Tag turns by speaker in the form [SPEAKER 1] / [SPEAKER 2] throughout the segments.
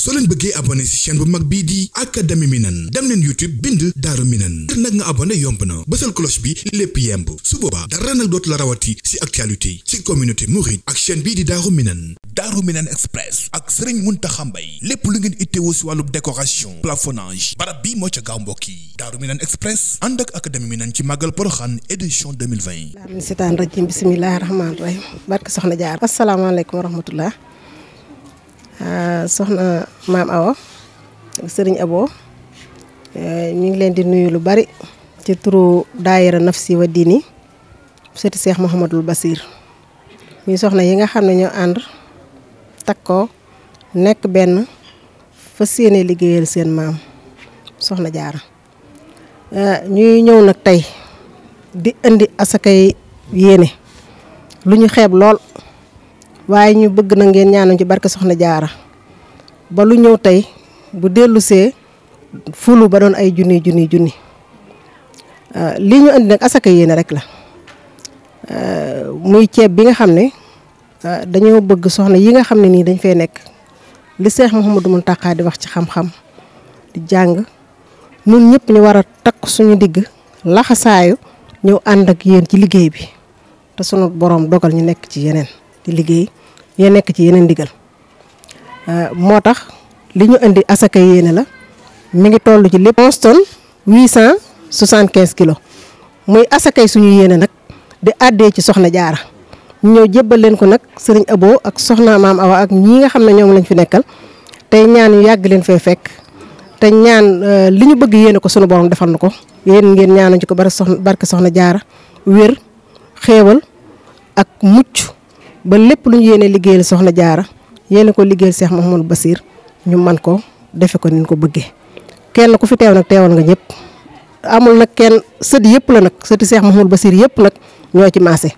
[SPEAKER 1] soo leen bëggee abonné ci chaîne bu mag bii di académie Minane dem leen YouTube bind Daaru Minane ngir nag nga abonné yomb na bësal cloche bi lépp yemb su boobaa dara nag dootu la rawati ci actualité ci communauté mouride ak chaîne bii di Daaru Minane Daaru Minane Express ak Serigne Mountakha Mbaye lépp lu ngeen itteewoo ci wàllu décoration plafonnage barab bi moo ca gaaw mbokk yi Daaru Minane Express ànd ak académie Minane ci màggal Porokhane édition 2020.
[SPEAKER 2] Bismillaahi rahmaani rahiim barke soxna jaar asalaamaaleykum wa rahmatullah Euh, soxna maam Awa sëriñ Abo euh, ñu ngi leen di nuyu lu bari ci turu daayira nafsi wa diini sëti seex Muhammadul Basiir muy soxna yi nga xam ne ñoo ànd takkoo nekk benn fa séenee liggéeyal seen maam soxna jaara euh, ñuy ñëw nag tey di indi asakay yéene lu ñu xeeb lool waaye ñu bëgg na ngeen ñaanal ci barke soxna jaara ba lu ñëw tey bu dellusee fulu ba doon ay junni junni junni euh, lii ñu andi nag asaka yéene rek la euh, muy ceeb bi nga xam ne euh, dañoo bëgg soxna yi nga xam ne nii dañ fay nekk li seex Mouhamadou Mountakha di wax ci xam-xam di jàng ñun ñëpp ñu war a takk suñu digg laxasaayu ñëw ànd ak yéen ci liggéey bi te sunu borom dogal ñu nekk ci yeneen di liggéey ya nekk ci yeneen ndigal euh, moo tax li ñu indi asaka yéene la mi ngi toll ci lépp. 11 tonnes 875 kilos muy asakay suñu yéene nag di àddee ci soxna jaara ñoo ñëw jébbal leen ko nag sëriñ Abo ak soxna maam Awa ak ñii nga xam ne ñoom lañ fi nekkal tey ñaan yu yàgg leen fee fekk te ñaan euh, li ñu bëgg yéene ko suñu borom defal na ko yéen ngeen ñaanal ci ko bari soxna barke soxna jaara wér xéewal ak mucc. ba lépp lu ñu yéene liggéeyal soxna jaara yéene ko liggéeyal Cheikh Mouhamadou Bassir ñu man ko defe ko ni ko bëggee kenn ku fi teew nag teewal nga ñëpp amul nag kenn sët yëpp la nag sëti ma Mouhamadou Bassir yëpp nag ñoo ci maase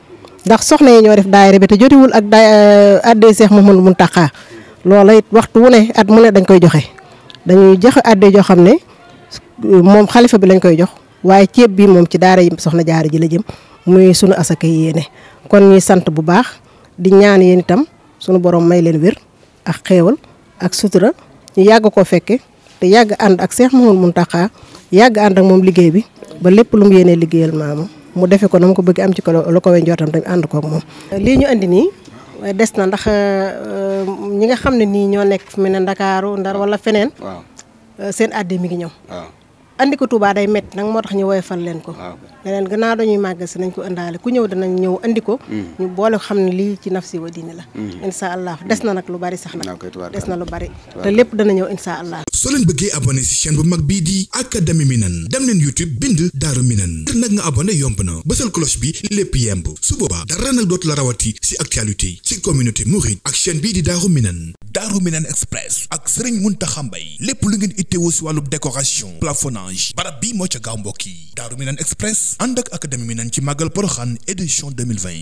[SPEAKER 2] ndax soxna yi ñoo def daayira bi te jotiwul ak daay euh, addee Cheikh Mouhamadou Mountakha loola it waxtu wu ne at mu ne dañ koy joxe dañuy joxe addee joo xam ne moom xalifa bi lañ koy jox waaye ceeb bii moom ci daara yi soxna jaar ji la jëm muy sunu asaka yéene kon sant bu baax di ñaan yéen itam suñu borom may leen wér ak xéewal ak sutura ñu yàgg koo fekke te yàgg ànd ak Seex Mamadu taxaa yàgg ànd ak moom liggéey bi ba lépp lum mu yéenee liggéeyal maamu mu defe ko na mu ko bëgg am ci ko la ko wéy njortam tamit ànd koog moom. lii ñu andi nii des na ndax euh, ñi nga xam ne nii ñoo nekk fi ne Ndakaaru Ndar wala feneen. Euh, seen àddee mi ngi ñëw. indi ko tubaa day métti nag moo tax ñu woyofal leen ko ah, ne leen dañuy màggal si nañ ko indaale ku ñëw danañ ñëw andi ko hmm. ñu boole xam ne lii ci nafsi si diine la hmm. incha allah des na nag lu bari sax nag des na lu bari te lépp dana ñëw incha allah
[SPEAKER 1] soo leen bëggee abonné si chaîne bu mag bii di académie Minane dem leen YouTube bind Daaru Minane ngir nag nga abonné yomb na bësal cloche bi lépp yemb su boobaa dara nag dootu la rawati si actualité si communauté mouride ak chaîne bii di Daaru Minane Daaru Minane Express ak Serigne Mountakha Mbaye lépp lu ngeen ittewoo si wàllu décoration plafonnage barab bi moo ca gaaw mbokk yi Daaru Minane Express ànd ak Académie Minane ci màggal Porokhane édition 2020